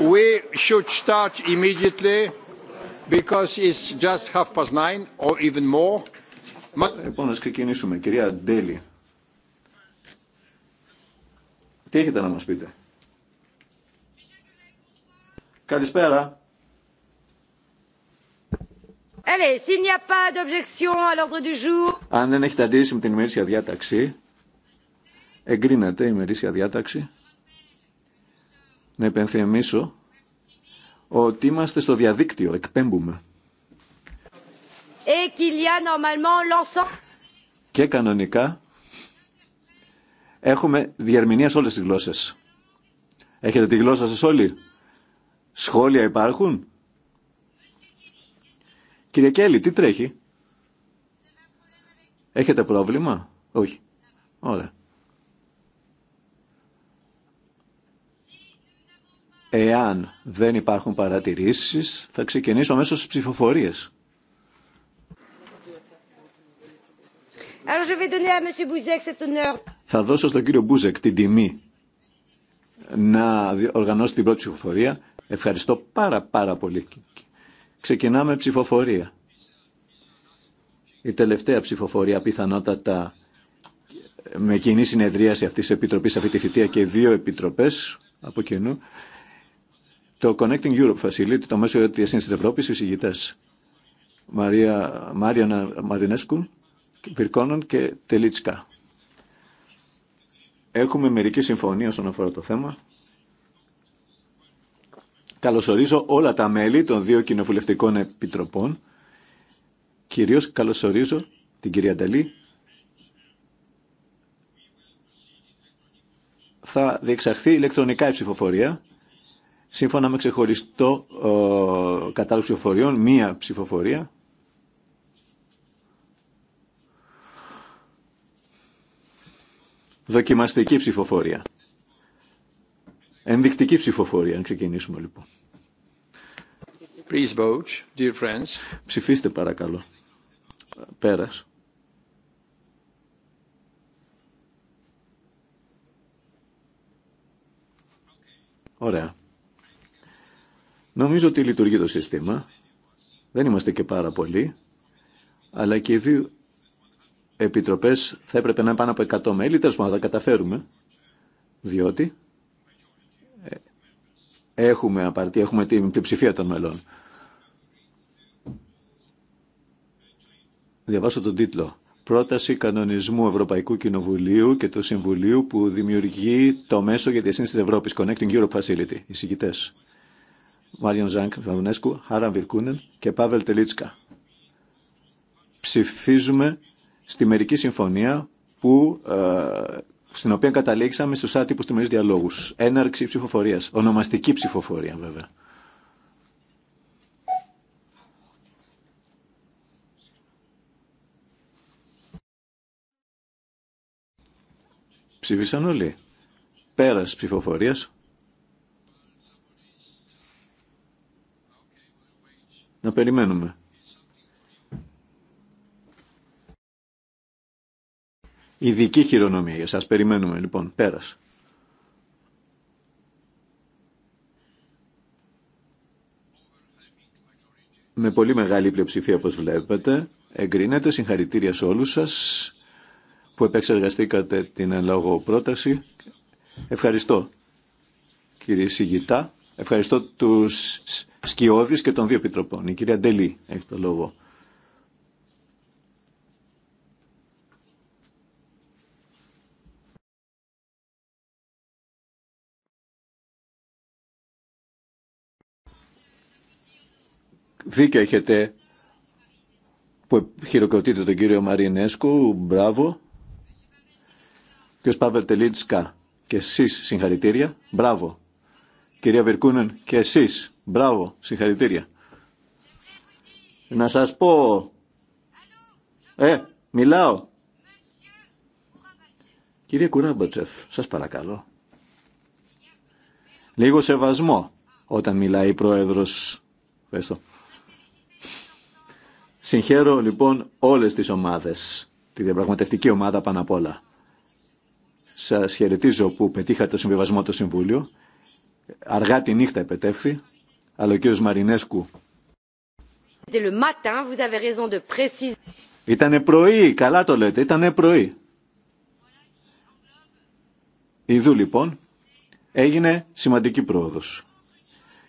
We should start immediately because it's just half past nine or even more. Λοιπόν, ας ξεκινήσουμε. Κυρία Ντέλη, τι έχετε να μας πείτε. Καλησπέρα. Allez, s'il n'y a pas d'objection à l'ordre du jour. Αν δεν έχετε αντίρρηση με την ημερήσια διάταξη, Εγκρίνεται η μερίσια διάταξη. Να επενθυμίσω ότι είμαστε στο διαδίκτυο, εκπέμπουμε. Και κανονικά έχουμε διερμηνία σε όλες τις γλώσσες. Έχετε τη γλώσσα σας όλοι. Σχόλια υπάρχουν. Κύριε Κέλλη, τι τρέχει. Έχετε πρόβλημα. Όχι. Ωραία. Εάν δεν υπάρχουν παρατηρήσεις, θα ξεκινήσω μέσω στις ψηφοφορίες. Θα δώσω στον κύριο Μπούζεκ την τιμή να οργανώσει την πρώτη ψηφοφορία. Ευχαριστώ πάρα πάρα πολύ. Ξεκινάμε ψηφοφορία. Η τελευταία ψηφοφορία πιθανότατα με κοινή συνεδρίαση αυτής της Επιτροπής αυτή τη θητεία και δύο επιτροπές από κοινού. Το Connecting Europe Facility, το μέσο για τη διασύνδεση της Ευρώπης, οι Μαρία, Μάριανα Μαρινέσκου, Βυρκόναν και Τελίτσκα. Έχουμε μερική συμφωνία όσον αφορά το θέμα. Καλωσορίζω όλα τα μέλη των δύο κοινοβουλευτικών επιτροπών. Κυρίως καλωσορίζω την κυρία Νταλή. Θα διεξαχθεί ηλεκτρονικά η ψηφοφορία σύμφωνα με ξεχωριστό ε, κατάλογο ψηφοφοριών, μία ψηφοφορία. Δοκιμαστική ψηφοφορία. Ενδεικτική ψηφοφορία, αν ξεκινήσουμε λοιπόν. Please vote, dear Ψηφίστε παρακαλώ. Πέρας. Ωραία. Νομίζω ότι λειτουργεί το σύστημα. Δεν είμαστε και πάρα πολλοί, αλλά και οι δύο επιτροπές θα έπρεπε να είναι πάνω από 100 μέλη, τέλος πάντων θα καταφέρουμε, διότι ε, έχουμε απαρτία, έχουμε την πλειοψηφία των μελών. Διαβάσω τον τίτλο. Πρόταση κανονισμού Ευρωπαϊκού Κοινοβουλίου και του Συμβουλίου που δημιουργεί το μέσο για τη σύνθεση της Ευρώπης, Connecting Europe Facility, οι Μάριον Ζάνκ Βαρονέσκου, Χάραν Βιρκούνεν και Πάβελ Τελίτσκα. Ψηφίζουμε στη μερική συμφωνία που, ε, στην οποία καταλήξαμε στους άτυπους μερική διαλόγους. Έναρξη ψηφοφορίας, ονομαστική ψηφοφορία βέβαια. Ψήφισαν όλοι. Πέρας ψηφοφορίας. περιμένουμε. Ειδική χειρονομία για σας. Περιμένουμε λοιπόν. Πέρας. Με πολύ μεγάλη πλειοψηφία όπως βλέπετε. Εγκρίνεται. Συγχαρητήρια σε όλους σας που επεξεργαστήκατε την εν πρόταση. Ευχαριστώ κύριε Σιγητά. Ευχαριστώ τους Σκιώδης και των δύο επιτροπών. Η κυρία Ντελή έχει το λόγο. Δίκιο έχετε που χειροκροτείτε τον κύριο Μαρινέσκου. Μπράβο. ο Σπαβερ Τελίτσκα και εσείς συγχαρητήρια. Μπράβο κυρία Βερκούνεν, και εσείς. Μπράβο, συγχαρητήρια. Να σας πω... Ε, μιλάω. Κύριε Κουράμπατσεφ, σας παρακαλώ. Λίγο σεβασμό όταν μιλάει η Πρόεδρος. Πες το. Συγχαίρω λοιπόν όλες τις ομάδες, τη διαπραγματευτική ομάδα πάνω απ' όλα. Σας χαιρετίζω που πετύχατε το συμβιβασμό του Συμβούλιο Αργά τη νύχτα επετεύχθη, αλλά ο κύριος Μαρινέσκου... Ήτανε πρωί, καλά το λέτε, ήτανε πρωί. Ιδού λοιπόν έγινε σημαντική πρόοδος.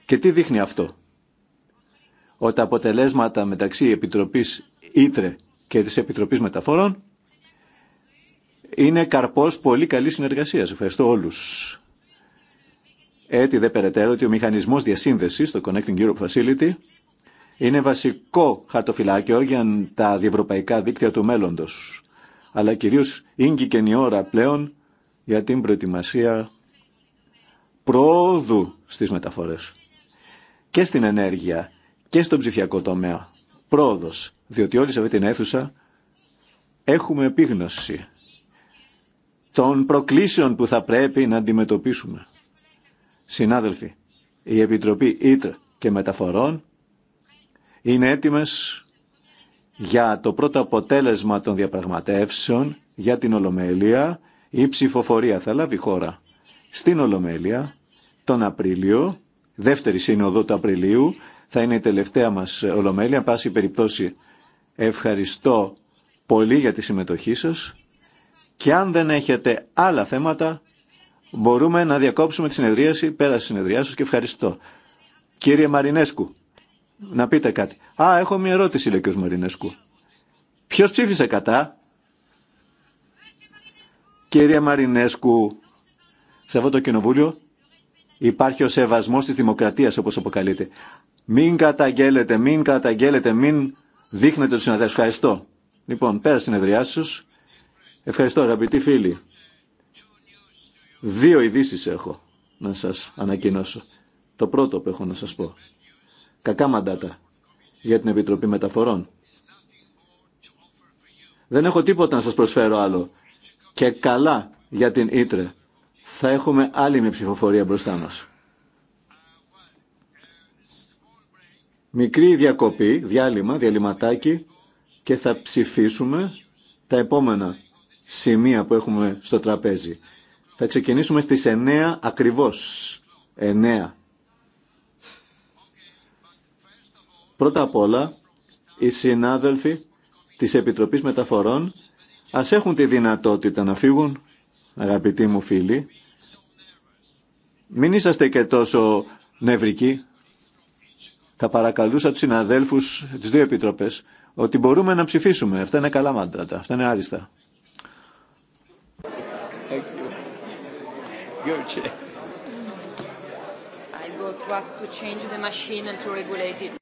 Και τι δείχνει αυτό. Ότι τα αποτελέσματα μεταξύ Επιτροπής Ήτρε και της Επιτροπής Μεταφορών είναι καρπός πολύ καλής συνεργασίας. Ευχαριστώ όλους. Έτσι, δε περαιτέρω ότι ο μηχανισμός διασύνδεσης, το Connecting Europe Facility, είναι βασικό χαρτοφυλάκιο για τα διευρωπαϊκά δίκτυα του μέλλοντος. Αλλά κυρίως ίγκη και η ώρα πλέον για την προετοιμασία προόδου στις μεταφορές. Και στην ενέργεια και στον ψηφιακό τομέα. Πρόοδος, διότι όλοι σε αυτή την αίθουσα έχουμε επίγνωση των προκλήσεων που θα πρέπει να αντιμετωπίσουμε. Συνάδελφοι, η Επιτροπή Ήτρ και Μεταφορών είναι έτοιμες για το πρώτο αποτέλεσμα των διαπραγματεύσεων για την Ολομέλεια η ψηφοφορία θα λάβει χώρα στην Ολομέλεια τον Απρίλιο, δεύτερη σύνοδο του Απριλίου, θα είναι η τελευταία μας Ολομέλεια, πάση περιπτώσει ευχαριστώ πολύ για τη συμμετοχή σας και αν δεν έχετε άλλα θέματα Μπορούμε να διακόψουμε τη συνεδρίαση, πέρα σα και ευχαριστώ. Κύριε Μαρινέσκου, να πείτε κάτι. Α, έχω μια ερώτηση, λέει ο κ. Μαρινέσκου. Ποιος ψήφισε κατά? Κύριε Μαρινέσκου, σε αυτό το κοινοβούλιο υπάρχει ο σεβασμός της δημοκρατία όπως αποκαλείται. Μην καταγγέλλετε, μην καταγγέλλετε, μην δείχνετε τους συναδέλφους. Ευχαριστώ. Λοιπόν, πέρα σας. Ευχαριστώ, αγαπητοί φίλοι. Δύο ειδήσει έχω να σας ανακοινώσω. Το πρώτο που έχω να σας πω. Κακά μαντάτα για την Επιτροπή Μεταφορών. Δεν έχω τίποτα να σας προσφέρω άλλο. Και καλά για την Ήτρε. Θα έχουμε άλλη μια ψηφοφορία μπροστά μας. Μικρή διακοπή, διάλειμμα, διαλυματάκι και θα ψηφίσουμε τα επόμενα σημεία που έχουμε στο τραπέζι. Θα ξεκινήσουμε στις 9 ακριβώς. 9. Πρώτα απ' όλα, οι συνάδελφοι της Επιτροπής Μεταφορών ας έχουν τη δυνατότητα να φύγουν, αγαπητοί μου φίλοι. Μην είσαστε και τόσο νευρικοί. Θα παρακαλούσα τους συναδέλφους της δύο επιτροπές ότι μπορούμε να ψηφίσουμε. Αυτά είναι καλά μαντάτα, αυτά είναι άριστα. I go to have to change the machine and to regulate it.